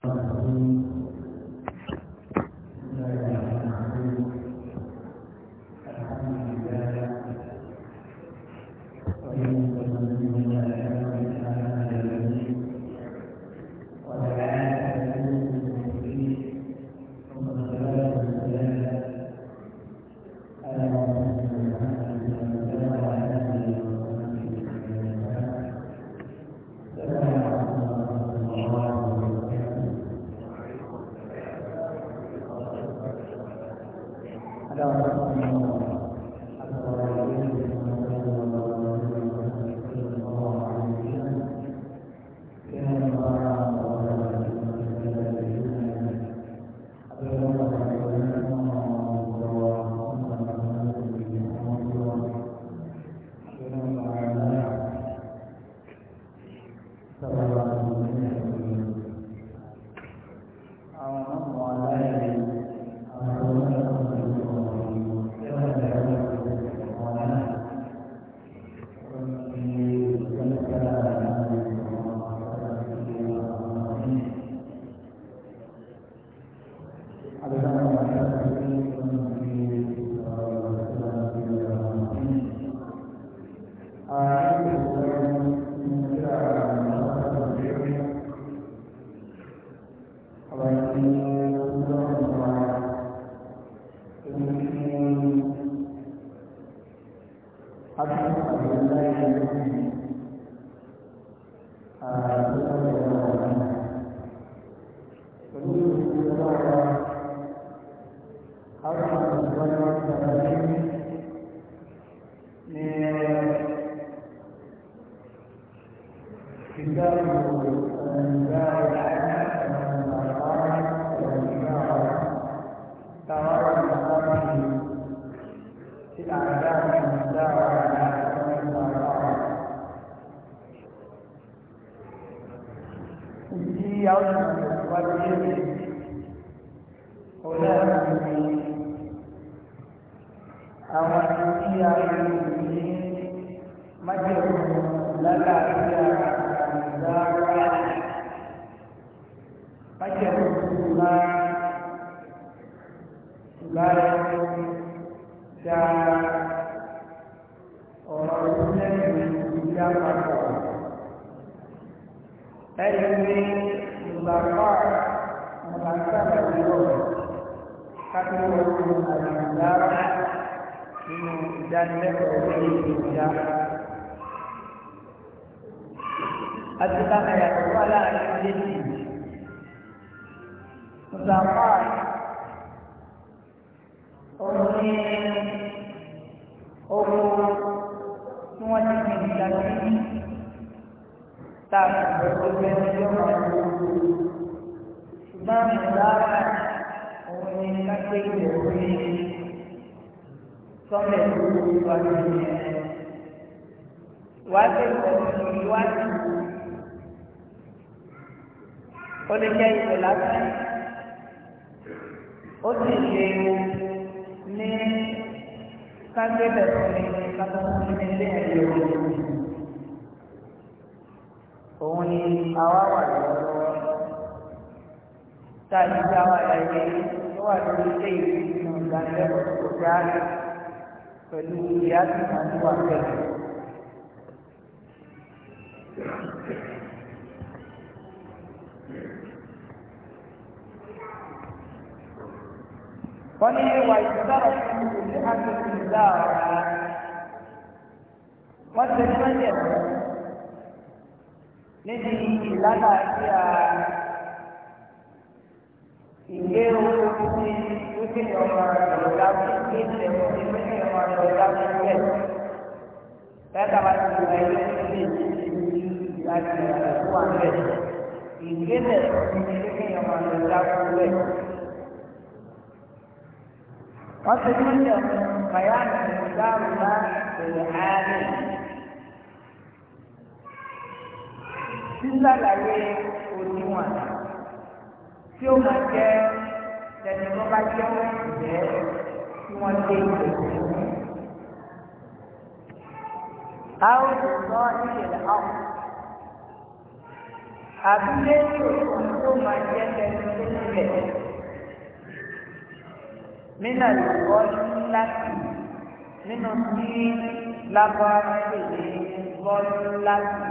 Thank you. ọ̀rọ̀ ìlẹ́yìn ìdílé àpapọ̀. ẹni ní ìgbàgbọ́ ìgbàgbọ́ ìlọ́rọ̀ kápẹ́wọ́ ìlú àdìgbàrà nínú ìdánilẹ́kọ̀ọ́ lórí ìgbà. àti bàbá yàtọ̀ wà láàrin lẹ́yìn ìgbàgbọ́ ọ̀rọ̀ ní owó tí wọ́n ti fi ìgbà sí tá a fi ọgbẹ́ ẹgbẹ́ wọn lò ṣùgbọ́n ìdára òun ni kájé ìwé orí sọ́mẹ̀ tó wà lórí ẹ̀ wá sí ìwọ̀n ìwádìí ó lè jẹ́ ìwé lásán ó sì lè ní kágbé bẹ̀rẹ̀ ní kátó ní ilé ẹ̀yọ́ òun ni àwa wà lọ́wọ́ tá a ti dá wà láyé tó wà lórí ilé ìwé nínú ìdánilẹ́kọ̀ọ́ tó dáa pẹ̀lú ìyá tó máa wà pẹ̀lú. wọ́n ní ìwà ìsọ̀rọ̀ fún ìlú àgbègbè ìlà ọ̀rá wọ́n ti ní wọ́n yẹ̀ fún níbi ìlànà àti ìgbé owó ní wípé ọmọ ìrọ̀lá wípé ìlẹ̀ òní wípé ọmọ ìrọ̀lá wípé lẹ́ka bá ti wọ ẹyẹ nílé ìlànà ìlànà tó wà bẹ́ẹ̀ ìgbé bẹ́ẹ̀ ní wípé ọmọ ìrọ̀lá wípé. وتدل بيان المساومة في العالم sísàlàyé òdiwọ̀n tí ó máa jẹ́ tẹnudọ́ bá jẹ́ ìjẹ́ tí wọ́n dé ìgbésẹ̀. àwọn òṣìṣọ́ ìṣẹ̀lẹ̀ ọ̀hún àbílẹ̀ yóò tó máa jẹ́ tẹnudọ́ nílẹ̀ nínú ìwọ́ láti nínú tí lágbára lè ní bọ́ọ̀lù láti.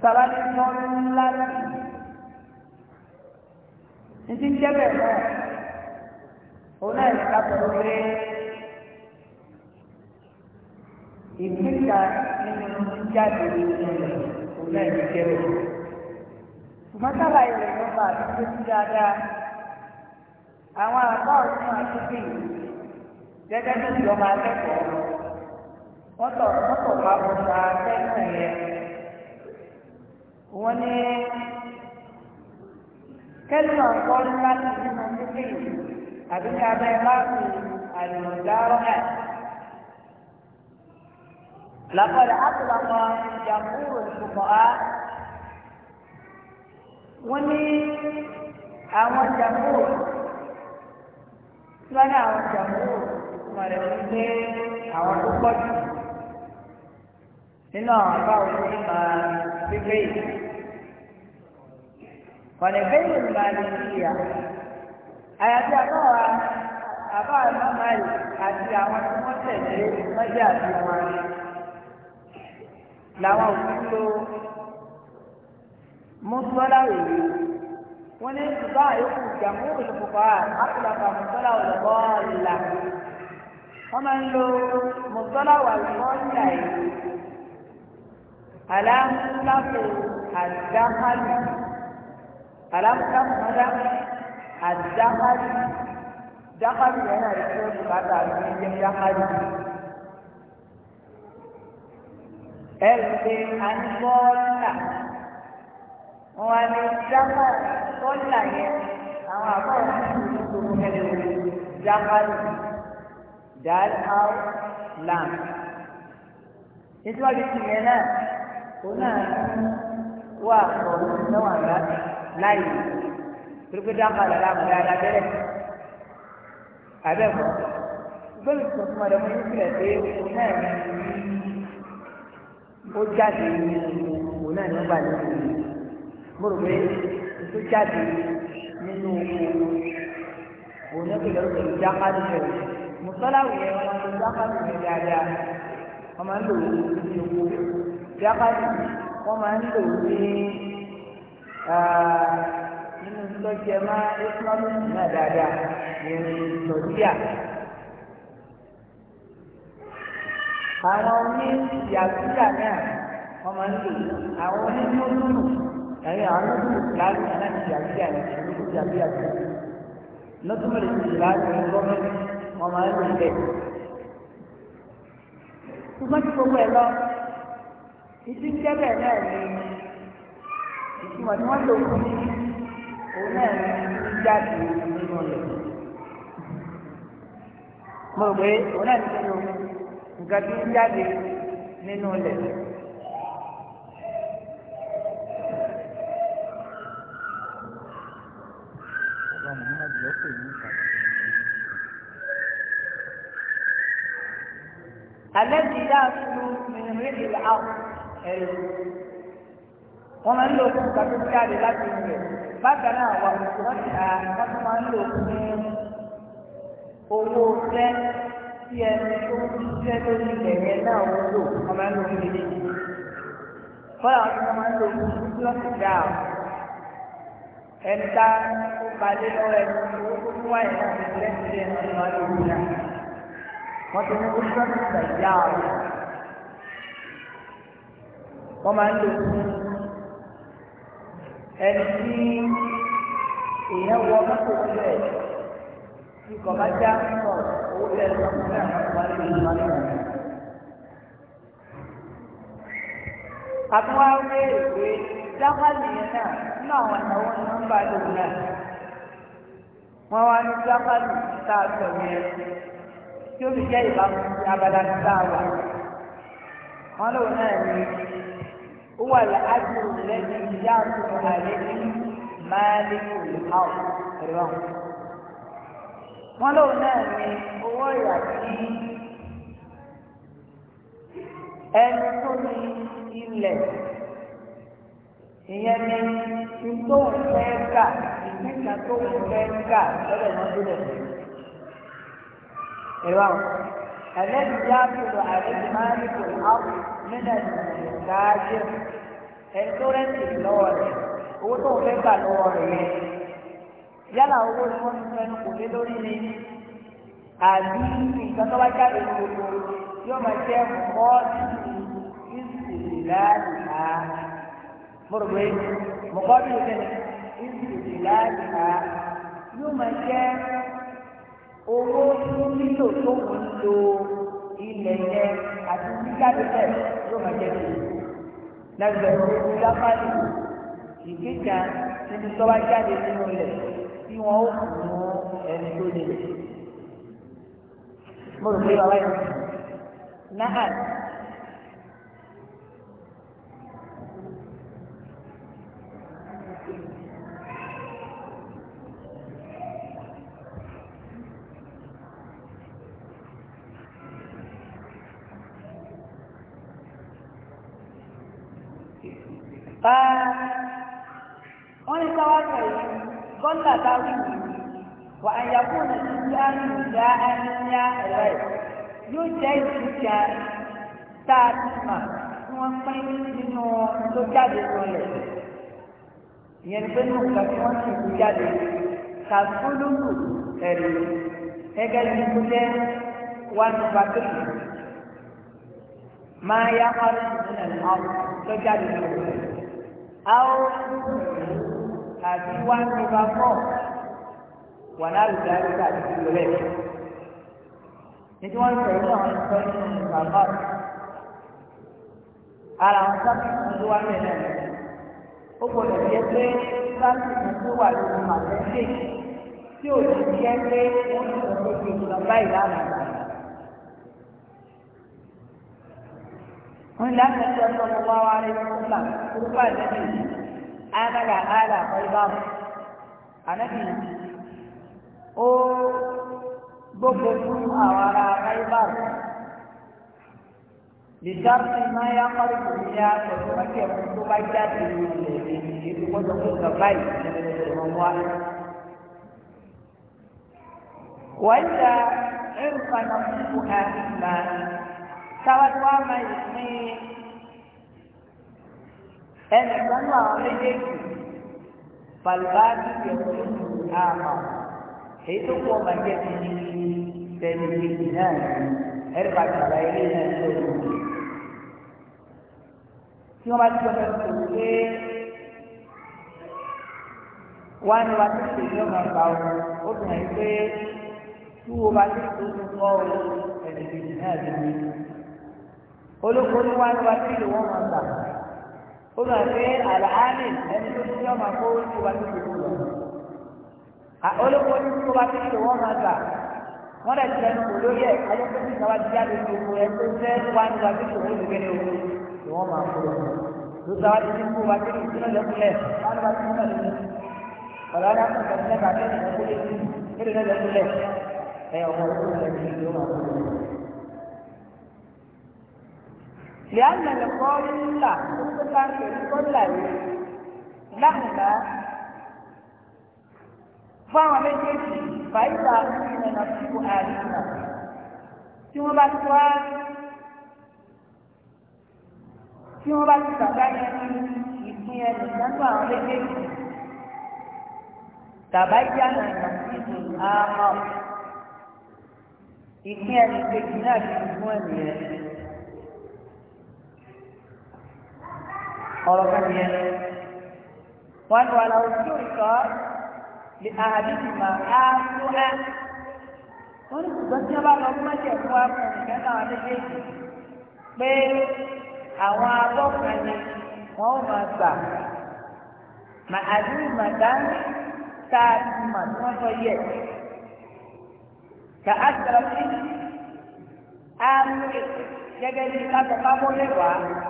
Sàlàyé bọ́ọ̀lù láti. Ní ti jẹ́ bẹ̀rẹ̀ náà, òun náà lè kápẹ́ lórí ìgbésà nínú jáde nínú òun náà lè bẹ̀rẹ̀. ṣùgbọ́n sábà ilẹ̀ ló bá sí dáadáa àwọn àbá ọ̀tún àtúntò yìí gẹ́gẹ́ bí ìjọba akẹ́kọ̀ọ́ wọ́n tọ̀ wọ́n na akẹ́kọ̀ọ́ yẹn wọ́n ní kẹ́lùmọ̀ ọ̀kọ́ láti nínú títì àbí ní abẹ́ láti àlùmọ̀dárọ́ wọ́n ní àwọn jàmbó tí wọ́n ní àwọn jàmbó wọ́n rẹ̀ wọ́n ní àwọn tó pọ̀ jù nínú àwọn àbáwò ní máa gbígbé yìí kọ̀nì bẹ́ẹ̀ ni máa ní ìyá àyàfi àbáwò àbáwò mọ́mọ́ yìí àti àwọn tí wọ́n tẹ̀lé lọ́jà àti wọn làwọn òfin ló. مصطلح wọ́n ní ìgbà yòókù jàmú olùkùkọ́ àkùlàkà mùsọ́lá olùkọ́ọ̀lá wọ́n máa ń lo mùsọ́lá olùkọ́ọ̀lá yìí alámúláfò àdáhàlì alámúláfòmọ́dá àdáhàlì dáhàlì yẹn náà lè tó bùkátà àti ẹ̀jẹ̀ dáhàlì. ẹ̀rù pé a ní wọn wá ní jápá kọ́ńtà yẹn àwọn àbọ̀ ọ̀hún tó kọ́ kẹ́lẹ́ wọlé jápá lò dal nye naa, nítorí naa di náà òun náà wà pọ̀ lọ́wọ́ àgbà láì torí pé jápá lọ́la àmọ́ yàrá bẹ́rẹ̀ abẹ́kọ̀ gbọ́dọ̀ tó fún ọdọ mọ́yìn sílẹ̀ pé òun náà jáde náà mo pé tó jáde nínú oko òun náà kìlọ̀ ló ti jáká nínú mùsọ́láwù yẹn wọn ti jáká nínú dáadáa wọn máa ń lò ó ní oko máa ń lò ó ní nínú náà dáadáa ìrìn àwọn oní náà máa ń lò àwọn oní يعني عمل الإسلام أنا شعبية أنا شعبية شعبية نظم الإسلام ينظم وما ينظم ثم تقوم إلى إذن كبه نعني ثم تقوم ونعني ìjáde nínú rẹ̀. mo rò pé òun náà ti nínú nǹkan tí ń jáde nínú rẹ̀. الذي يأكل من ريح الأرض wọ́n máa ń lò fún ìgbà tó ti jáde láti ilẹ̀ bákan náà wà mùsùlùmí à wọ́n tún máa ń lò fún owó fẹ́ tí ẹni tó ń fẹ́ lórí ilẹ̀ yẹn náà ń lò wọ́n máa ń lò fún ilé yìí. wọn tún máa ń lò fún mùsùlùmí à ẹ̀ta balẹ̀ lọ́wọ́ ẹ̀ tó mú wáyé náà ní lẹ́sìn ẹ̀ ní wàá lórí rẹ̀. wọ́n ti ní kó sọ́ọ̀tì gbàgbá ọ̀rọ̀. wọ́n máa ń lò fún ẹni tí èèyàn wọ mọ́tò sílẹ̀ tí kò bá jákàlì yẹn náà nínú àwọn ìnáwó ni wọ́n bá lò náà wọ́n wá ní jákàlì tá a sọ yẹn tí ó fi jẹ́ ìbámu sí abala tí tá a lò náà ní ó wà láàbù lẹ́yìn ìyá àtúntò àlẹ́ ní máàlì ìhàwù rẹ̀ wọ́n lò náà ní owó ìyá tí ẹni tó ní ilẹ̀ ìyẹn ni ntòun fẹ́ kà ìdíkà tóun fẹ́ kà lọ́dọ̀ wọn tó lẹ̀ fẹ́. ẹ̀rọ àwọn ẹlẹ́bi yá kúrò àlejò máa ń kó áwù nínú ẹ̀sìn káàdì ẹ̀ńtọ́rẹ́ǹtì lọ́wọ́ rẹ̀ owó tóun fẹ́ gbà lọ́wọ́ rẹ̀ yẹn. yálà owó ni wọ́n ti fẹ́nu kò lé lórí ni àbí nǹkan tó bá jáde gbogbo yóò máa jẹ́ mọ́ọ́sì ìsìláàdì náà mọ̀rọ̀gbé mọ̀kọ́bí ìdíni ìdílé láàyè yóò máa jẹ́ owó nílò tó ń lo ilẹ̀ yẹn àti jíjáde bẹ́ẹ̀ yóò máa jẹ́ kí lẹ́gbẹ̀ẹ́ lápáàlì ìgbéga nínú tọ́wá jáde nínú ilẹ̀ tí wọ́n ó mú ẹni tó lè. mọ̀rọ̀gbé wàhálà yìí náà. wọ́n ní káwá pẹ̀lú gọ́ńdà táwọn ìlú wà á yàgò nà sí bí á ní ìdá àníyá ẹ̀rọ ẹ̀ yóò jẹ́ ìdíjà tá a ti mà tí wọ́n pín nínú tó jáde lọ́lẹ̀ ìyẹn pé ní òkúta tí wọ́n ti kú jáde kàfúlùmù ẹ̀rọ ẹgẹ́ ní kú jẹ́ one over three máa yá wọn nínú ẹ̀ náà tó jáde lọ́lẹ̀ àwọn àti one over four wà láwùjọ àríkà àti ìlúlẹ̀ nítorí wọ́n sọ ìlú àwọn ìsọ nínú bàbá ara àwọn sábà tó wà nílẹ̀ ó gbọdọ̀ jẹ́ pé sábà tó wà lórí màtẹ́ńdé tí ò ní jẹ́ pé wọ́n sọ pé kí n báyìí lánàá. wọ́n lé àti ẹ̀sọ́ ọ̀sọ́ ọ̀pọ̀ wa rẹ̀ lọ́sọ̀lá orúkọ àdébì anága àlà ọ̀ìbáwò ànábì ó gbogbo fún àwọn ará ọ̀ìbáwò lìdáàbì máa yá kọ́rí kò ní yá pẹ̀lú ọ̀kẹ́ fún tó bá jáde ní ilẹ̀ èdè gbọ́dọ̀ fún ìgbà báyìí ìrọ̀mọ́ wa. wọ́n ń ta ẹ̀rù kan náà fún ìgbà táwájú wa máa yìí ní ẹnì kan náà àwọn méjèèjì balùbáàdì yẹ̀wò àmà èyí tó kú ọmọ jẹ́ ti tẹ̀lé ìlú náà ẹ̀rí bá tàbá ilé náà tó lò ó. tí wọ́n bá ti sọ fẹ́ tó pé wọ́n á ní ṣe ìlú ọmọ àgbà ọ̀hún ó dùn ẹ́ pé tí wọ́n bá ti tó tó kọ́ ọ̀hún ẹ̀rí ìlú náà tó lò ó olókorí wa ni wa ti lè wọ́n máa gbà ó lọ pé àlàáni ẹni tó ti yọ máa kó ní wa ti lè wọ́n lọ olókorí tó wa ti lè wọ́n máa gbà wọ́n lè tẹ̀ ní olóyè ayọ́kùnrin náà wá ti jáde ní oko ẹ tó fẹ́ wa ni wa ti lè wọ́n lè wọ́n lè wọ́n máa kó lọ tó sáwá ti ní kó wa ti lè wọ́n lẹ́kùnlẹ̀ wọ́n lè wa ti lè wọ́n ọ̀rọ̀ ara kò tẹ̀sílẹ̀ bàtẹ́ ìdókòlè ìdókòlè ẹ̀ ọ̀rọ̀ ìdókòlè ìdókòlè لأن القول ta تطلق القول لهما فهو بيجي فإذا كنا نفسه آلهنا ثم بسوان ثم بسوان ìpín ẹnu sánú àwọn méjèèjì tàbájá náà nà ìdù àmọ́ ìpín ẹnu kejì náà ti fún ẹnu rẹ̀. ọ̀rọ̀ kan yẹn wọn ni wàhálà ojú ìkọ́ lè àdìsí mà á fún ẹ wọn ní ṣùgbọ́n tí wọ́n bá wa fún ìfẹ́ náà méjèèjì pé ni a ti mà tí wọ́n sọ yẹ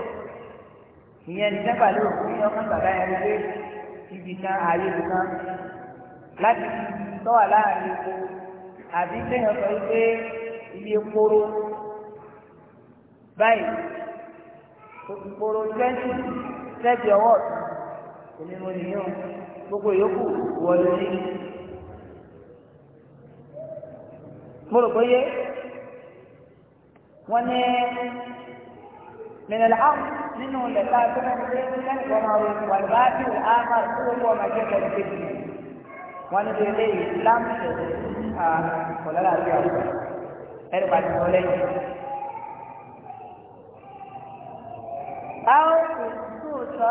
ìyẹn ní sẹ́fà ló kú ní ọmọ bàbá yẹn wọlé ibi kan ààyè kan láti tọ́wà láàrin epo àbí kéèyàn sọ pé iye kóró báyìí kóró twenty thirty ọwọ́ onímọ̀ nìyẹn gbogbo yòókù wọlé ní. mo rò pé yé wọ́n ní mìnàlá áwùjọ. منه اللي قال سنن جيدا والباقي الآخر هو ما شكل فيه ونظر إليه لم ولا لا في أربع حولين أو انصرف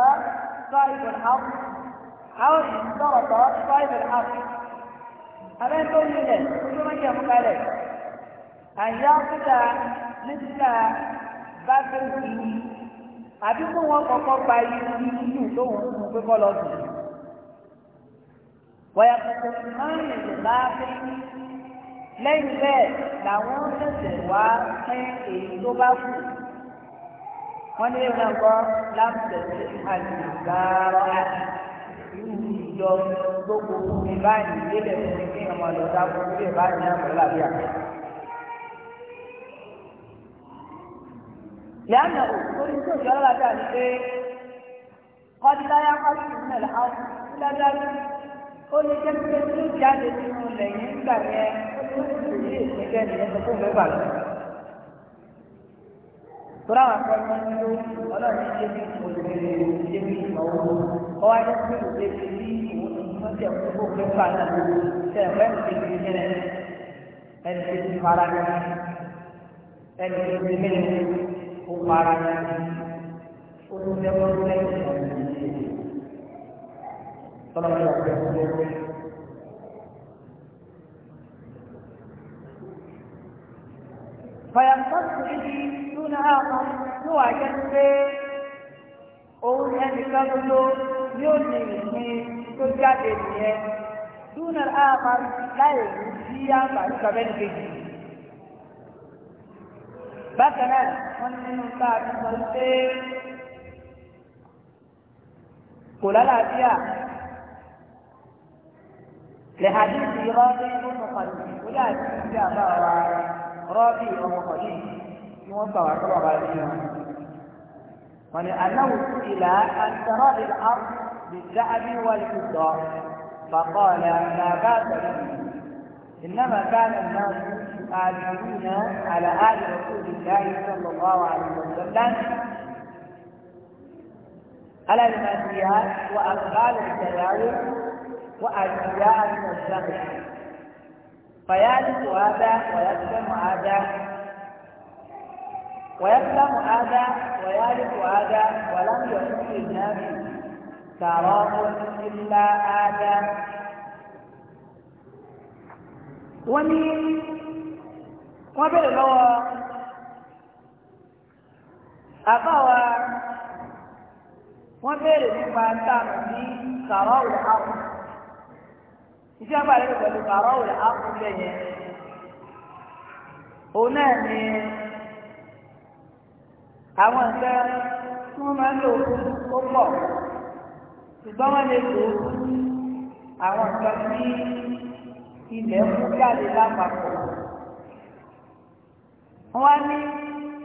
صاحب الحق أو انصرف صاحب الحق أما يقول لي كل ما جاء مقالك أن يعطيك مثل باب الدين àbí kó wọn kọ́kọ́ gba irú irú tó ń fún pé kọ́ lọ sùn. wọ́yà kòkòrò máa ń lè bá fẹ́ lẹ́yìn bẹ́ẹ̀ làwọn ṣẹ̀ṣẹ̀ wá pín èyí tó bá kù. wọ́n ní ìwé náà kọ́ láǹtẹ̀sí àlùbárọ̀ àti irú ìjọ gbogbo mi lélẹ̀ fún mi kí ọmọ ọ̀dọ́ dákú ìbáyìí náà pẹ̀lú àbí àpẹẹrẹ. lẹ́yìn òkúri tó ṣe ọlọ́dà ní pé kọ́díláyà kọ́dí ìdílé làwọn ìdílé ó lè jẹ́ pé tó jáde nínú lẹ́yìn nígbà yẹn ó ti rí ìpínlẹ̀ nìyẹn tó kó mẹ́fà lọ. Tora wa kọ́ ní ìlú ọlọ́run ṣe bí òṣèré ṣe bí ìmọ̀wó. Ọ wá jẹ́ pé òṣèré ṣe bí ìwọ̀n tó ti fara ní ẹni tó ti mílíọ̀nù ó para náà ó tún fẹ́ kó lẹ́yìn ọ̀sẹ̀ yìí tọ́lọ́mọdé ọ̀sẹ̀ tó lé. فيمتص به دون آخر هو òun ẹnìkan gbogbo yóò ní ìpín tó jáde nìyẹn dúnà àmà láì rí sí àǹfààní bàbá kejì bákan náà wọ́n nínú bá a ti sọ pé kò lálàáfíà لحديث رابي بن خليل ولا تنسى رابي بن خليل يوضع طلب عليهم ولأنه سئل عن ثراء الأرض بالذهب والفضة فقال ما بات به إنما كان الناس آمنين على آل رسول الله صلى الله عليه وسلم على الماديات وأبغال التداول وأشياء من فيعرف هذا ويفهم هذا ويفهم هذا ويعرف هذا ولم يكن للناس تراض إلا هذا ومن wọ́n bẹ̀rẹ̀ lọ́wọ́ àbá wa wọ́n bẹ̀rẹ̀ nípa táàmù ní sàrọ́ọ̀lù àpò iṣẹ́ àbá rẹ̀ pẹ̀lú sàrọ́ọ̀lù àpò lẹ́yìn òun náà ni àwọn nǹkan tí wọ́n máa ń lò ó pọ̀ ṣùgbọ́n wọ́n lè lò ó àwọn tí wọ́n ní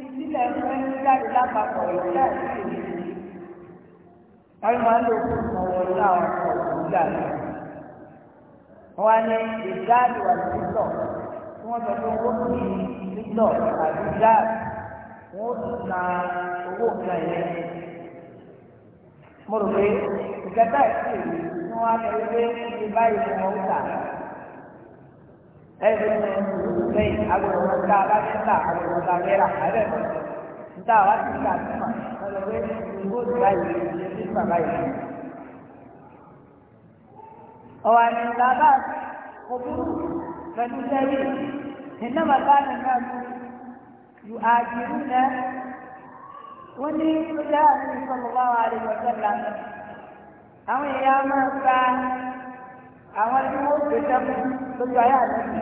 ìdílé fẹ́ jáde lápapọ̀ ìjà ìdílé wọ́n máa ń lò fún ọ̀wọ́ láwọn ọ̀wọ́ ìjà rẹ̀ wọ́n ní ìjáde wà ní tí wọ́n sọ pé owó kì í lọ àbí jáde wọ́n tún na owó kan yẹn mo ẹ̀rọ ní lẹ́yìn agbọ̀dọ̀ wọn tá a bá ti ta agbọ̀dọ̀ wọn tá a bẹ́ẹ̀ rà ẹ̀rẹ́ mọ̀ ní tá a wá ti ta àtúmọ̀ lọ́dọ̀ pé góòlù báyìí ṣe ti fà báyìí. ọ̀wà ní bàbá òbúrú pẹ̀lú sẹ́yìn iná bàbá mi náà mú yù àjìrú náà wọ́n ní ìpínlẹ̀ àti ìsọ̀lọ́wọ́ àwọn àlejò ọ̀sẹ̀lá àwọn èèyàn máa ń gba àwọn tí wọ́n gbé sẹ́kù lójú ayé àlẹ́bí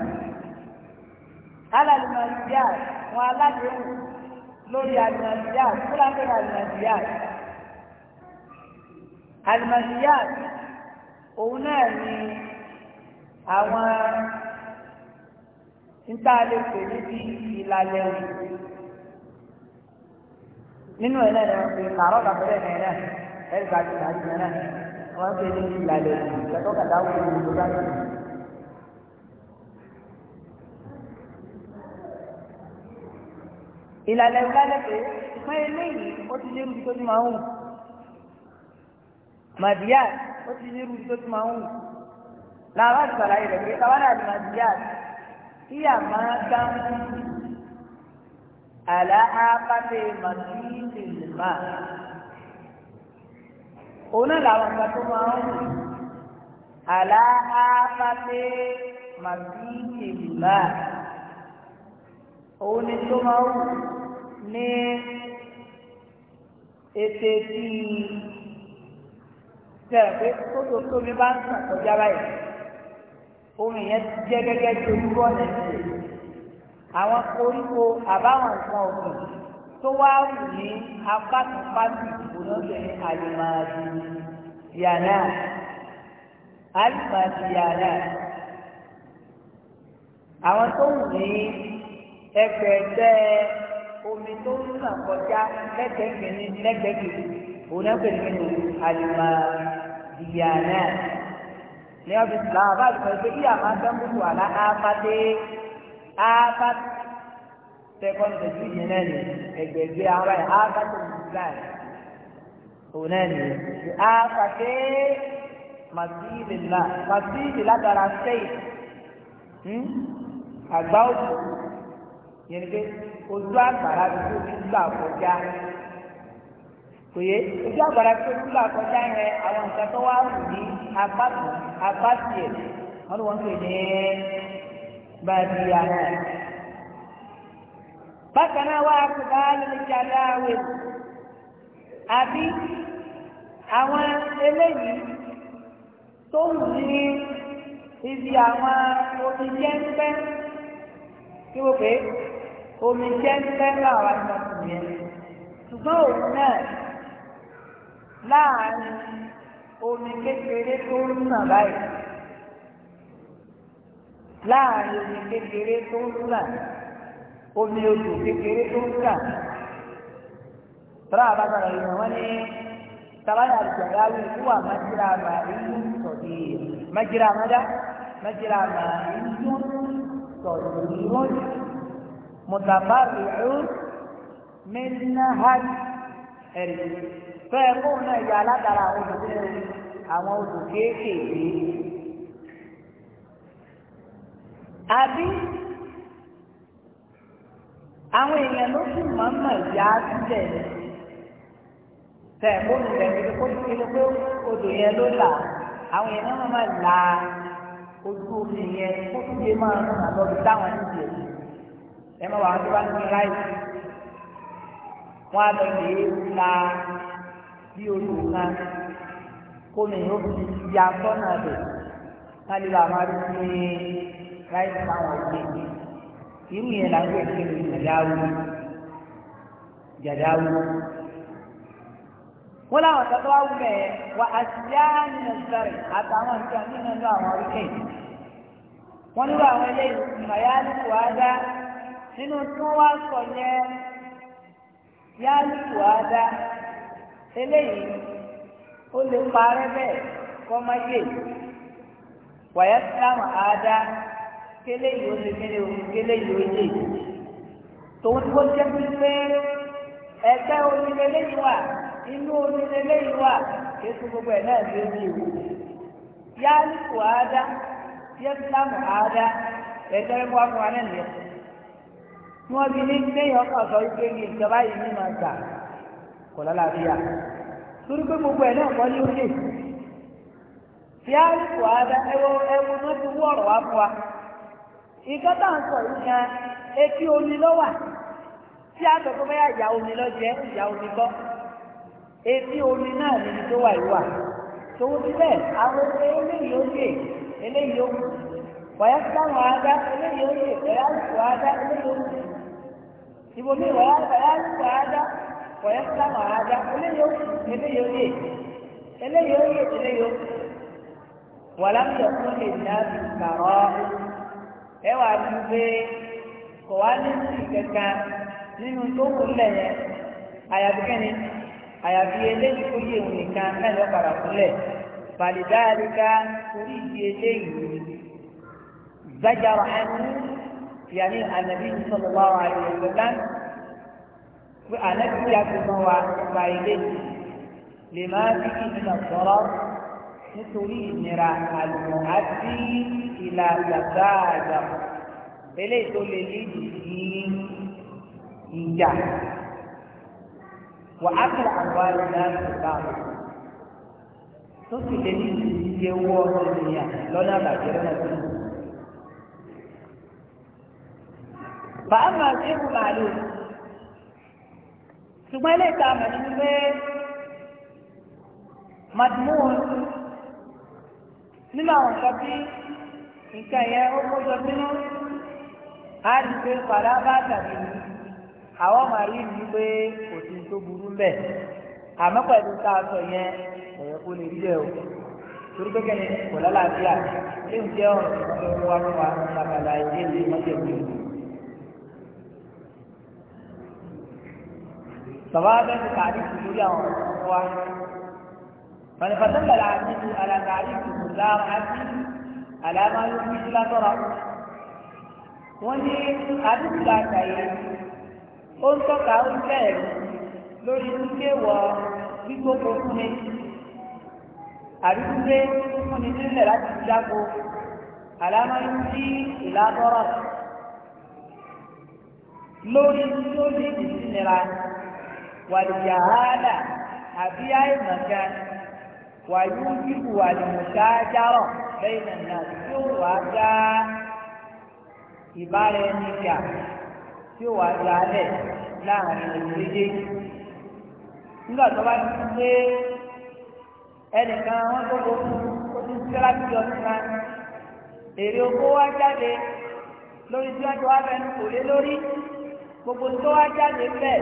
alàlùmọ̀lùdíà wọn aládéhùn lórí àlùmọ̀lùdíà fúlàfẹ́ òun náà ni àwọn ntaalekpe níbi ìlànà ìlú nínú ẹ̀ náà ni wọ́n fi kàfẹ́rẹ́ ẹ̀ náà ẹ̀ gbàgbé kàrí ẹ̀ náà wọ́n fi ní ìlànà ìlú lẹ́tọ́ kàdáwó ìlú ìlànà ìlànà pé fún eléyìí ó ti lérú tó ti máa ń wù màdíyà ó ti lérú tó ti máa ń wù làwọn àti sàlàyé rẹ̀ pé táwọn àti màdíyà kí àmà dáhùn àlá ápáté lè má òun náà làwọn àgbà tó máa ń wù àlá ápáté lè má òun ni tó máa wù ní ètè tí tẹ̀ pé kótó tómi bá ń sàn kọjá báyìí omi yẹn jẹ́ gẹ́gẹ́ bí olúkọ́ nàìjíríà àwọn koríko àbáwọn nǹkan ọ̀gbìn tó wá wù ní apá kan pàtó ìgbóná àlùmáàdì yàrá àlùmáàdì yàrá àwọn tó wù ní ẹgbẹ̀gbẹ́ omi tó ń sàn kọjá lẹ́gbẹ̀gbẹ̀ni lẹ́gbẹ̀gbẹ̀ òun náà pèlú nínú àlùmá ìyá náà ní ọ́fíìsì làwọn bá sọ pé yíyà máa fẹ́ mú wà lá ápàdé ápàdé sẹ́kọ́ndì tẹ̀sí yẹn náà ní ẹgbẹ̀gbẹ̀ àwọn ápàdé ìgbàlè òun náà ní ápàdé màsíìlì màsíìlì látara sẹ́yìn àgbá òkú. yẹn ni agbara ojú àgbàrá tó gbà kọjá òye ojú àgbàrá tó gbà kọjá yẹn àwọn nǹkan tó wá wù ní apáàtì apáàtì ẹ̀ wọ́n ní pè ní bàbí àná. bákan náà wá ibi àwọn omi jẹ́ ń omi jẹ́ pẹ́lú àwọn àtàkùn yẹn ṣùgbọ́n òun náà láàárín omi kékeré tó ń sàn báyìí láàárín omi kékeré tó ń sàn omi odò kékeré tó ń sàn tọ́lá àbájá rẹ̀ yìí wọ́n ní tabaya aljayawi huwa majira ma'iyun sadir majira mada majira ma'iyun sadirun mutabarri'un min nahaj ẹ̀rí tó ẹ kó náà yọ aládàra àwọn odò kéèké àwọn odò kéékèèké àbí àwọn èèyàn ló sì máa ń mọ̀ ìyá sílẹ̀ tẹ kó nu rẹ̀ níbi kó níbi pé odò yẹn ló là àwọn èèyàn náà máa la ojú omi yẹn kó tún lè máa ràn lọ́dún táwọn níbi èyí ẹ má wàá tó bá ń gbin láìsí wọn á lọ lè la bí olú kan kómi yóò fi ya sọ́nà rẹ̀ káàdì bá máa ń gbé láìsí àwọn òbí irú yẹn là ń gbé kiri jàdáwó jàdáwó wọn làwọn tó wá wù bẹ́ẹ̀ wà á sì yá nínú sọ̀rọ̀ àtàwọn nǹkan nínú àwọn orílẹ̀-èdè wọn nílò àwọn eléyìí ìmọ̀ yá ní kò á dá. nínú tí wá sọ yẹn yá lùtù àdá eléyìí ó lè parẹ́ bẹ́ẹ̀ kọ́ má yé wàyà sílámù àdá kéléyìí ó lè o kéléyìí ó yé tòun tó jẹ́ pípé ẹ̀kẹ́ onílé léyìí wà inú onílé léyìí wà gbogbo ẹ̀ náà ló ní ìwò yá lùtù ada yẹ sílámù àdá ẹ̀kẹ́ tí wọ́n fi ní lẹ́yìn ọkọ̀ sọ wípé ní ìjọba yìí ní máa gbà kò lálàáfíà torí pé gbogbo ẹ̀ náà kọ́ ní òye tí a rí kò ada ẹwọ ẹwọ náà ti wọ́ ọ̀rọ̀ wá fún wa nǹkan tá à ń sọ yìí kan etí omi ló wà tí a sọ pé bẹ́ẹ̀ ìyá omi lọ jẹ́ ìyá omi kọ́ etí omi náà níbi tó wà yìí wà tòun ti bẹ́ẹ̀ àwọn eléyìí ó yè eléyìí ó wù wàyà sáwọn ada eléyìí ó yè wàyà sọ ada eléyìí ó ibomi wàá wàá wàá dá wàá sá wàá dá eléyò eléyò yé eléyò yé eléyò wàlá mi yẹ fún lè ní àbí kàrọ ẹ wà á fi gbé kò wá ní sí kankan nínú tó kù lẹ́yìn àyàfi kẹ́ni àyàfi eléyìí tó yé òun nìkan náà lọ padà kúlẹ̀ bàlídáàlíkà orí ìdí eléyìí zájà rà ẹnu. يعني النبي صلى الله عليه وسلم وأنبيا بمواعيد بعيدين لما فيه من الضرر nítorí ìnira àlùmọ̀ àti ìlà àgbàgbà àgbà eléyìí tó lè léyìí sí ìjà wà á kà àwọn àlùmọ̀ àgbà tó sì lè ní ìdíje owó ọmọ ènìyàn lọ́nà àbàjẹ́ lọ́nà tó ń bọ̀. fàámà sí ìbò màálù ṣùgbọ́n ilé ìta àmọ̀ nínú pé madmoon nínú àwọn nǹkan bí nǹkan yẹn ó kójọ nínú á rí i pé padà bá tàbí àwọn màálù yìí pé kò sí tó burú ń bẹ̀ àmọ́ pẹ̀lú tá a sọ yẹn ẹ̀yẹ kó lè rí ẹ̀ o torí pé kẹ́ni kò lálàáfíà léwu jẹ́ ọ̀rọ̀ ìfọ̀sọ̀rọ̀ wa fún wa lábàlá ilé ìlú mọ́tẹ̀ẹ̀mí. bàbá bẹ́ẹ̀ ti kàrí ìlú lórí àwọn ọ̀rọ̀ wa fànífàtàlà àdìsí alàkàrí ìlú lára àti àlàmà yóò fi látọ̀ra wọ́n ní àdìsí làkà yìí ó ń tọ́ka ó ń bẹ̀rẹ̀ lórí wípé wọ gbígbóko fún mi àdìsí nílẹ̀ láti jágo àlàmà yóò fi ìlàtọ̀ra lórí tó lè dìsí wàlìyàhálà àbí àìmọ̀ká wàyú yíbu àlùmùsájárọ̀ lẹ́yìn náà tí ó wà á dá ìbára ẹni jà tí ó wà á dá lẹ̀ láàrin òṣèlú nígbà tó bá ti pé ẹnìkan wọn tó kó fún ó ti ṣiṣẹ́ láti yọ nípa èrè oko wá jáde lórí tí wọ́n ti wá fẹnu kò lé lórí gbogbo tó wá jáde bẹ́ẹ̀.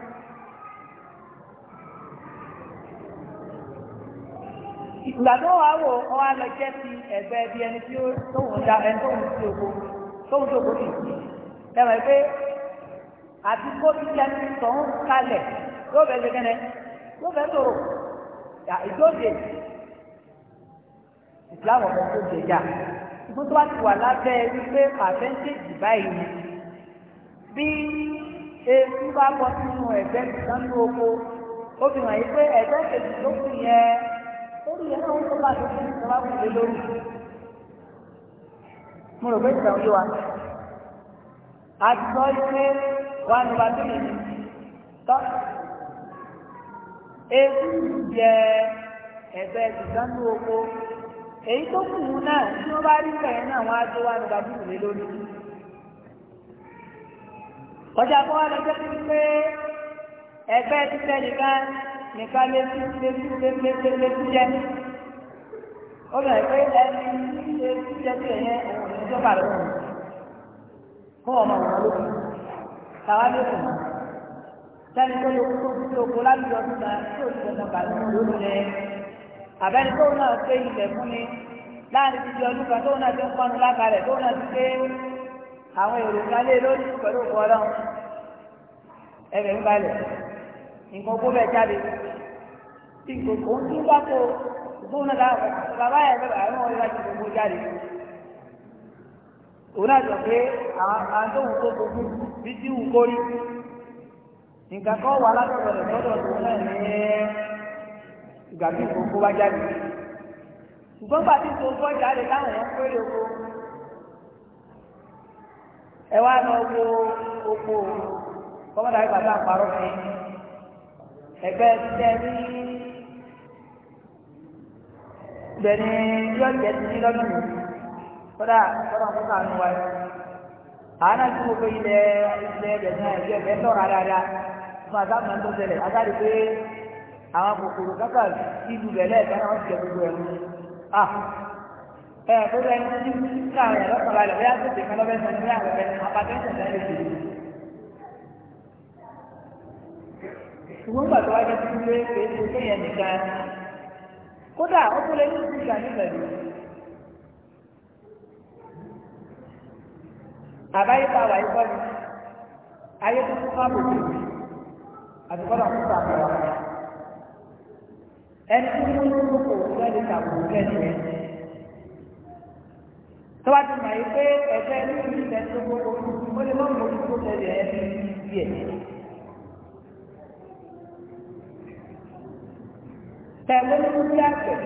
ìgbà tó wàá wò ó wá lọ jẹ́ ti ẹ̀gbẹ́ bí ẹni tí ó tóun da ẹni tóun ti ògbó tóun tó ògbó nìyí lẹ́wọ̀n pé àti kó bí ẹni tọ̀hún kalẹ̀ yóò fẹ́ gbẹgẹ́nẹ́ yóò fẹ́ sọ̀rọ̀ ìdóde ìsìláàmù ọmọ tó jẹ jà ìgbó tó bá ti wà lábẹ́ wípé pàṣẹ́ńtéèjì báyìí ni bí ewu bá bọ́ sínú ẹ̀gbẹ́ ìdánilóko ó fi hàn yí pé ẹ̀gbẹ́ kejì tó kù yẹn torí ẹ̀ náà wọ́n tó bá ti fi ìjọba kù lé lórí. mo rò pé ìtàn yóò wá. àti sọ pé wà ní wà tó lè ní tọ́. ewu jẹ ẹ̀fẹ́ ìdánú oko èyí tó kù náà tí wọ́n bá rí bẹ̀rẹ̀ náà wọ́n á tó wà ní wà tó lè lórí ọjà kó wá lọ jẹ́ pé ẹgbẹ́ títẹ́ nìkan nìkan létí létí létí létí jẹ ó bẹ̀rẹ̀ pé ẹni létí jẹ tí ẹ̀yẹ òun ní tó bàrẹ̀ òun fún ọmọ òun lókun tàwa lókun sẹ́ni tó lókun tó fi oko láwùjọ tó náà tí òun tẹ̀sán bàrẹ̀ òun lókun jẹ àbẹ́ni tóun náà pé ilẹ̀ fún ni láàrin jíjẹ ọdún kan tóun náà ti ń pọnu lákàrẹ̀ tóun náà ti pé àwọn èrò lé lórí pẹ̀lú òkú ẹ̀rẹ̀ ń balẹ̀. nǹkan kó bẹ́ẹ̀ jáde tí nǹkan kó ń tún bá kó gbóhùn náà láàbà bàbá yẹn bẹ́ẹ̀ àwọn ọmọ ìwà ti gbogbo jáde. òun náà pé àwọn tó gbogbo bí tí wù nǹkan kọ́ wà látọ̀dọ̀ tó náà ní oko oko kọ́mọ́dà ẹgbẹ́ tẹ́rí bẹ̀rẹ̀ yóò jẹ́ ti ní lọ́dún yìí kódà kódà kó kà ń wáyé àánà tí mo fi ilẹ̀ ilẹ̀ ẹ̀jẹ̀ náà ẹ̀jẹ̀ ẹ̀fẹ́ tọ̀ra dáadáa fún àtàkùn tó ṣẹlẹ̀ àtàkùn pé àwọn kòkòrò kápá ìlú bẹ̀lẹ̀ ẹ̀ka ṣùgbọ́n gbà tó wá jẹ́ títí pé kò ṣe kéèyàn nìkan kódà ó tó lé ní ìgbà nígbà yìí. àbáyé pa wàyí ni ayé tó tún káàbò tó àti kọ́dà tó tà bọ̀ wá. ẹni tó mú lóru kò fẹ́ lè tàbí lẹ́sẹ̀. tọ́wá ti mọ̀ yìí pé ẹ̀fẹ́ ní ìlú gbogbo ó lè mọ̀ ojú tó tẹ̀lé tẹ lórúkú sí àgbẹ̀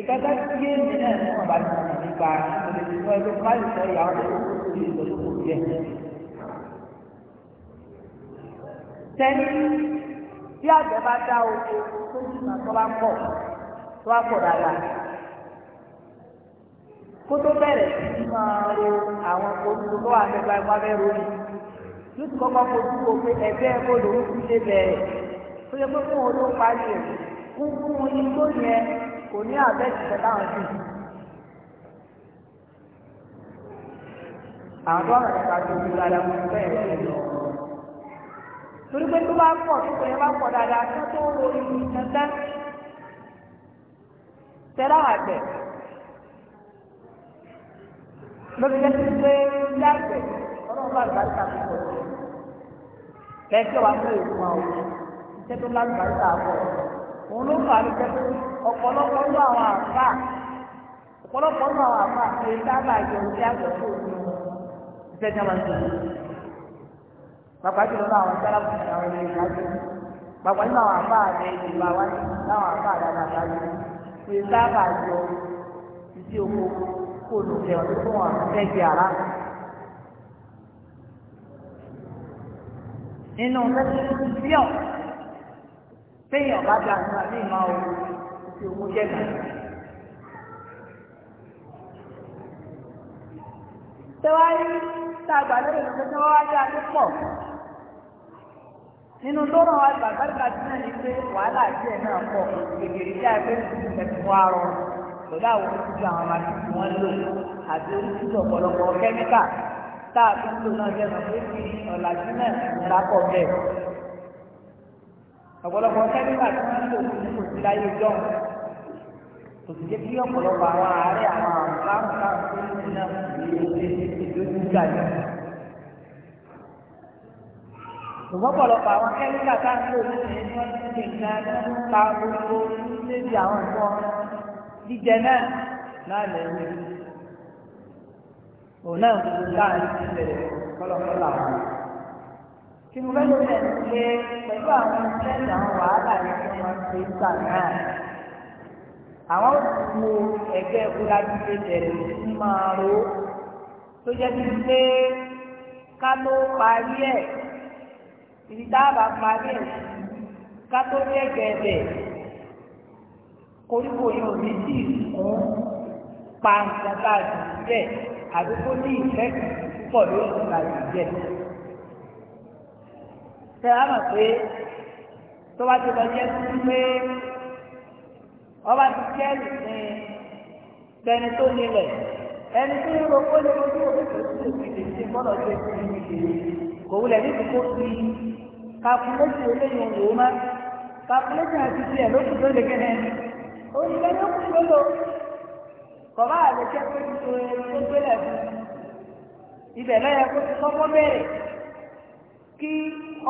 ìkẹta tí yé mi náà ní wọn bá ti sọ nípa ìpolówó ẹgbẹ́ fáìlì sọ ìyàwó tó kó kó lè lọ lóko díẹ̀ tẹni tí àgbẹ̀ bá dá oko tó ti sàn tó bá pọ̀ tó bá pọ̀ dáadáa kó tó bẹ̀rẹ̀ sí máa ro àwọn olùkọ́ tó wà yìí yóò kọ́kọ́ fojú wo ẹgbẹ́ ẹgbẹ́ olówó ti bẹ̀rẹ̀ tó yẹ pé fún òun ló parí ẹ̀ fún fún igbó yẹn kò ní àbẹ́tìfẹ́ táwọn sì. àwọn tó ọ̀rọ̀ nípa tó ti rárá wọn bẹ́ẹ̀ lè lọ. torí pé tó bá pọ̀ tó kò yẹ bá pọ̀ dáadáa tó tó ń lo ìlú kankan. tẹ́lá àgbẹ̀ lórí ẹni pé ilé àgbẹ̀ ọlọ́run bá àgbà ń ta lẹ́yìn tí wàá fún èèkù máa wọ̀. tẹ́tọ́ lágbàáyà bọ̀ òun ló fà mí tẹ́tọ́ ọ̀pọ̀lọpọ̀ ń lọ àwọn àfà ọ̀pọ̀lọpọ̀ ń lọ àwọn àfà sábà ní a máa ń bàbá jùlọ náà àwọn àwọn bàbá àwọn àfà àti ìgbà wá láwọn àfà àdáadáa sábà kò lò ọdún fún nínú téèyàn bá dà nípa ní ìmọ̀ òun tí òun jẹ́ gbà. tẹ́wáyé tá a gbà lórí ìlú tó wá dá ní pọ̀ nínú tó ràn wá gbàgbá nípa tí náà ní pé wàhálà díẹ̀ náà pọ̀ gbègbèrè tí a gbé ẹ̀fọ́ arọ pẹ̀lú àwọn oríṣiríṣi àwọn ọmọ àti tí wọ́n lò àti oríṣiríṣi ọ̀pọ̀lọpọ̀ kẹ́míkà tá a fi ń lò náà jẹ́ ọ̀pọ̀lọpọ̀ kẹ́míkà tí wọ́n ń lò ní kò láyé jọ́n kò sì jẹ́ kí ọ̀pọ̀lọpọ̀ àwọn ààrẹ àwọn àrùn tó ń bí náà ìlú ìjà ni. ṣùgbọ́n ọ̀pọ̀lọpọ̀ àwọn kẹ́míkà tá ń lò ní ìlú wọn ti ń ga ní ta gbogbo níbi àwọn nǹkan jíjẹ náà náà lẹ́yìn. òun náà ń bá àyè ti bẹ̀rẹ̀ kọ́lọ́kọ́lọ́ àwọn tí mo fẹ́ ló tẹ̀ ní pé pẹ̀lú àwọn ìṣẹ́lẹ̀ àwọn wàhálà yẹn tó máa ń ṣe ń gbà náà àwọn wo ẹgbẹ́ ìkúlájúdé bẹ̀rẹ̀ sí máa ro tó jẹ́ bí pé ká ló parí ẹ̀ ìdáàbà parí ẹ̀ ká tó ní ẹ̀gẹ́ ẹ̀bẹ̀ koríko yóò ní sí ìkún pa nǹkan tá a jù sílẹ̀ àdúgbò ní ìfẹ́ púpọ̀ lórí ìgbà bẹ́ẹ̀ tẹ a mọ̀ pé tó bá ti lọ jẹ́ tuntun pé ọba ti jẹ́ nìkan gbẹni tó nílẹ̀ ẹni tó ń ro kó ní ojú òbí tó ti lè fi lè ṣe gbọ́dọ̀ ṣe ti lè fi lè kò wulẹ̀ ní kókó sí i kakulétì olóyún òwò má kakulétì àti tiẹ̀ ló kún tó lè gẹ́gẹ́ onígbà ló kún tó lò kọ̀ọ̀bá àlejò pé tó gbélé fún ibẹ̀ lọ́yẹ kó ti kọ́kọ́ bẹ̀rẹ̀ kí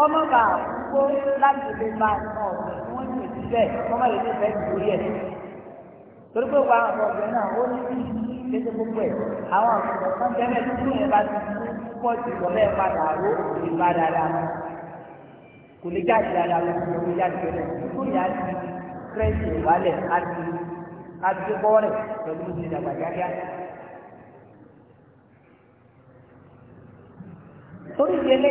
ọmọ bá kó láti lè bá ọ̀pọ̀ wọ́n ti ti bẹ́ẹ̀ ọmọ yìí ti bẹ́ẹ̀ ti lórí ẹ̀ torí pé wàá ọ̀pọ̀ ọ̀gbẹ́ náà ó ní bí léṣe gbogbo ẹ̀ àwọn àkùnrin kan tẹ́lẹ̀ tó ní ẹ̀ bá ti pọ̀ jù lọ bẹ́ẹ̀ padà ó lè bá dáadáa kò lè jáde dáadáa lọ sí ọmọ jáde lọ tó yà á ti kírẹ́sì ìwálẹ̀ àti àti bọ́ọ̀lẹ̀ pẹ̀lú ìdàgbà torí ìdílé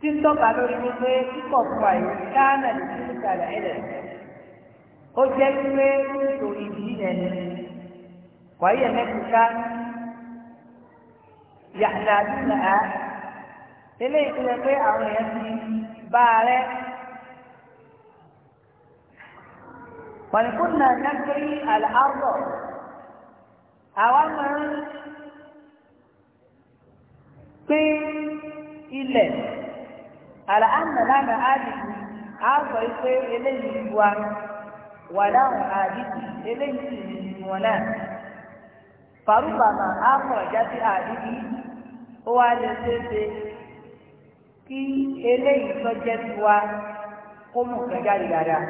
tí ń tọ́ka lórí wípé kíkọ̀ fún àyè káánà ní kí nìkàlà ẹ̀lẹ̀ ó jẹ́ wípé nítorí ìdí yẹn ni wàyí ẹ̀ mẹ́kúta yàtà àdúrà á eléyìí tó yẹ pé àwọn èèyàn ti bá a rẹ wàlùkùnà nàgbéyì àlàáfọ̀ àwọn máa ń pín ilẹ̀. àlà ànàlànà àdìsí àbọ̀ ìpè eléyìí wa wàláhùn àdìsí eléyìí sì wọn náà fàrúbàmà àbọ̀ ìjásí àdìsí ó wá lè ṣeéṣe kí eléyìí tó jẹ́ tiwa kó mú kẹjá yìí dáadáa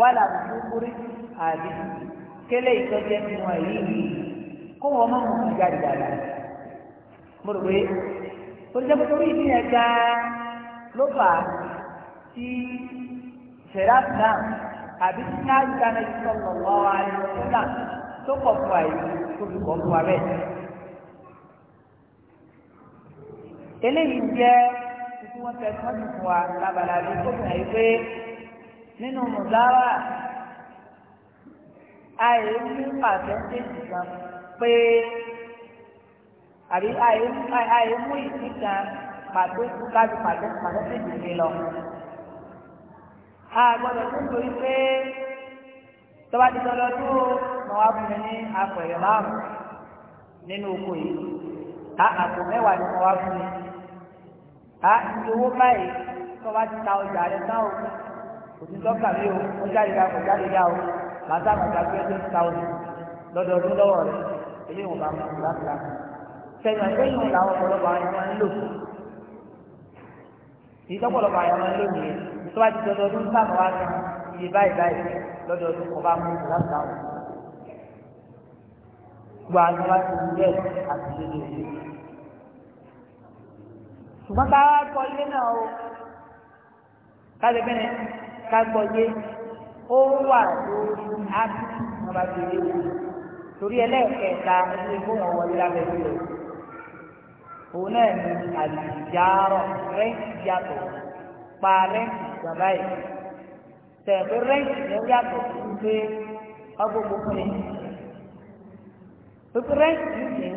wàlà kúkúrú k'ele kẹjá ló fà á tí ṣẹ̀dá náà àbí tí náà yíká náà yí sọ̀rọ̀ lọ́wọ́ àìsàn sọ́dà tó pọ̀ fún àyè tó fi pọ̀ fún abẹ́. eléyìí jẹ́ tí wọ́n fẹ́ tọ́jú fún wa lábala bí tó fi hàn pé nínú mùsáwà àyè ń pàṣẹ déjì kan pé àbí àyè mú ìsìn kan pàdé kájú pàdé pàdé sí ìdílé lọ. a gbọ́dọ̀ tó torí pé tọ́ba ti tọ́lọ tó mọ̀ wá fún mi ní apẹ̀rẹ̀ márùn nínú oko yìí a àpò mẹ́wàá ni mọ̀ wá fún mi a iye owó báyìí tọ́ba ti ta ọjà rẹ̀ náà òtítọ́ kàmí o ó jáde ya kò jáde ya o bàtà bàtà pé ó ta ọjà lọ́dọọdún lọ́wọ́ rẹ̀ eléyìí wọn bá mọ̀ láti láti sẹ́yìn àgbẹ̀yìn làwọn ọ̀pọ̀lọpọ̀ àwọn ẹ̀wọ̀n ń lò fún èyí tọ́pọ̀lọpọ̀ àyàmọ́ lónìí tó bá ti dọdọọdún sáàmù wá sí iye báyìí báyìí lọ́dọọdún kọ́ bá mú láti àwọn gbọ́ àwọn bá ti bẹ́ẹ̀ àti lóde òde. ṣùgbọ́n ká kọ́ ilé náà o ká lè bẹ́ẹ̀ ká gbọ́ yé ó wà lórí áàpù wọn bá ti lé wò torí ẹlẹ́ẹ̀kẹta ilé ìfowópamọ́ wọlé lábẹ́ ìlú rẹ̀ òun náà ní àlìjárọ̀ rẹ́ǹtì yàtọ̀ pa rẹ́ǹtì bàbá yìí tẹ̀gbẹ́ rẹ́ǹtì yẹn yàtọ̀ fún pé ọgbọ̀gbọ̀ fún mi pípẹ́ rẹ́ǹtì yìí ní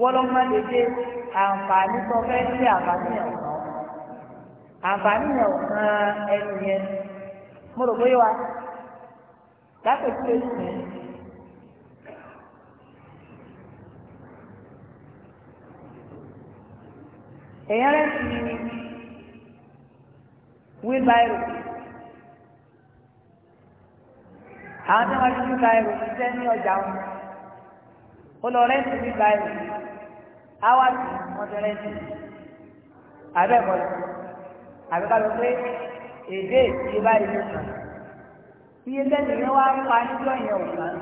wọ́lọ́mọdéjé àǹfààní tó fẹ́ sí àǹfààní yẹn kan àǹfààní yẹn kan ẹni yẹn mo rò bóyá wa látọ̀ sí èyí èèyàn rẹ̀ sì ní wíbáìrò àwọn tó wá sí wíbáìrò ṣiṣẹ́ ní ọjà wọn ó lọ rẹ̀ sí wíbáìrò áwàtì wọn ti rẹ̀ sí abẹ́kọ̀ọ́ àbíkálò pé èdè ìdíyẹ báyìí ló sàn iye tẹ́lẹ̀ yẹn wá pa níjọ́ yẹn ò sàn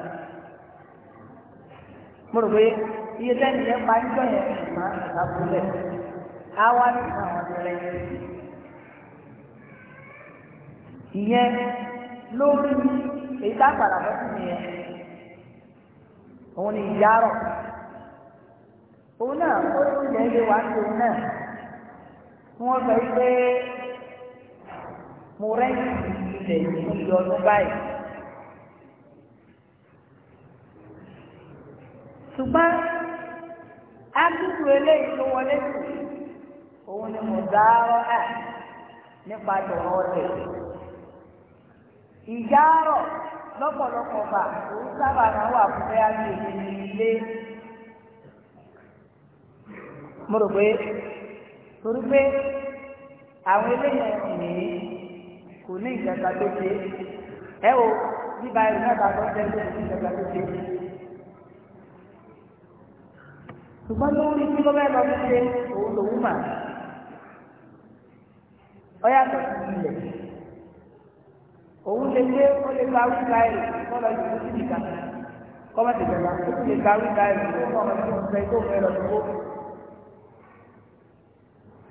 mo rò pé iye tẹ́lẹ̀ yẹn pa níjọ́ yẹn ò sàn àbúrò àwa ní àwọn ọ̀rẹ́ ìyẹn lórí èyí tá a padà bọ́ òun ni ìyárọ̀ òun náà ó ti lè lè wá sí òun náà wọ́n sọ pé mo rẹ́ǹtì ilẹ̀ ìlú ọdún báyìí. ṣùgbọ́n ákíkù eléyìí ló wọlé sí i. òun ni mùdárọ̀ ẹ̀ nípa tòun rẹ̀. ìyárọ̀ lọ́pọ̀lọpọ̀ bá òun sábà máa wà fún bẹ́ẹ̀ àti èmi ilé. mo rò pé torí pé àwọn eléyìí ní kò ní ìjàgbá tó ṣe ẹ wo tó ṣe ní ìjàgbá tó ṣe. ṣùgbọ́n ọyàtọ̀ sí ilẹ̀ òun lè gbé ó lè gba wí ká ẹ̀rọ kọ́lọ̀ ìlú sí nìkan kọ́mọ̀tì bẹ̀rẹ̀ ó lè gba wí ká ẹ̀rọ kọ́mọ̀ tí wọ́n fẹ́ tó fẹ́ lọ sí owó.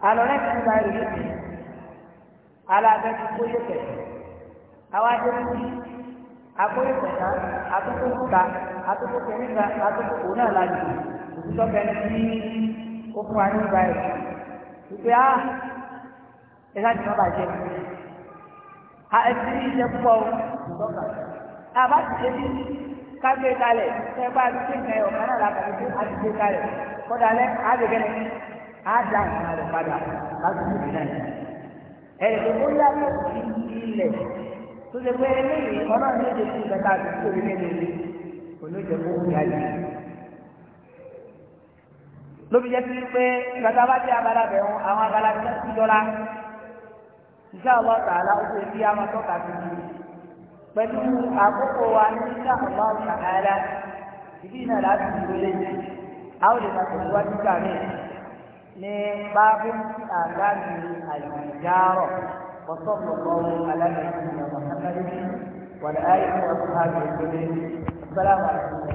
àlọ́ rẹ̀ ti gba ẹ̀rọ lókè alábẹ́ ti kó lókè àwọn adéwì akóyèkọ̀tà àtúntò kúta àtúntò kẹrìnta àtúntò òun náà lájú òtítọ́ kẹrin tí ó fún wa ní ìgbà ẹ̀rọ wípé á ẹ ká tìmọ̀ bàjẹ́ a ẹtì iṣẹ́ púpọ̀ ìtọ́ka àbá ti ṣe bí kágbé kalẹ̀ ṣe bá ti ṣe ìgbà ọ̀kan náà làbàtì tó a ti ṣe kalẹ̀ kọ́dà lẹ́ àgbègbè ni a dá ìgbà rẹ̀ padà láti ṣe ìgbà náà ẹ̀rẹ̀ tó yàtọ̀ sí ilẹ̀ tó ṣe pé eléyìí ọ̀nà ní èdè fún ìgbà tá a ti ṣe orí nínú ilé olóòjẹ́ kó wúyà yìí lóbi jẹ́ sí pé ìgbà tá a bá dé abala ìṣe àwọn tààlà ó ṣe bí àwọn tọ́ka tó ní pẹ̀lú àkókò wa ní ìṣe àwọn tààlà ìdí náà láti dúró lẹ́yìn àwọn lè máa tẹ̀lé wájú gbà mí ní báàbí àgbàgbé àlùjáàrọ̀ وصلى الله على نبينا محمد وعلى اله واصحابه وسلم السلام عليكم